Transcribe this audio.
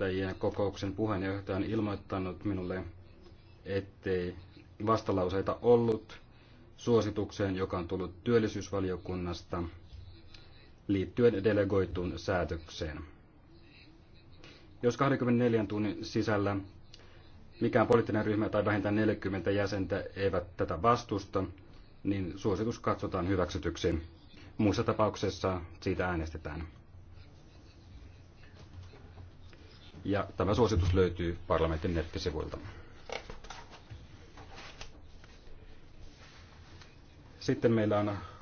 edustajien kokouksen puheenjohtaja on ilmoittanut minulle, ettei vastalauseita ollut suositukseen, joka on tullut työllisyysvaliokunnasta liittyen delegoituun säätökseen. Jos 24 tunnin sisällä mikään poliittinen ryhmä tai vähintään 40 jäsentä eivät tätä vastusta, niin suositus katsotaan hyväksytyksi. Muussa tapauksessa siitä äänestetään. Ja tämä suositus löytyy parlamentin nettisivuilta. Sitten meillä on